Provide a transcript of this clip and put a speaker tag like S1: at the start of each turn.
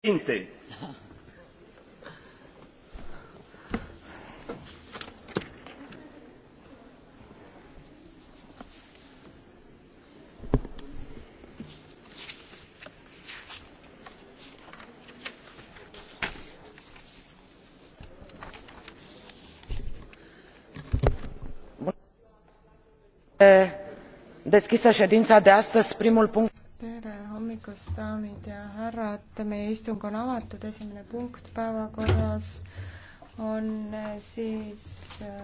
S1: președinte
S2: eh, deschisă ședința de astăzi primul punct
S3: tere hommikust, daamid ja härrad, meie istung
S4: on avatud, esimene punkt päevakorras on siis äh,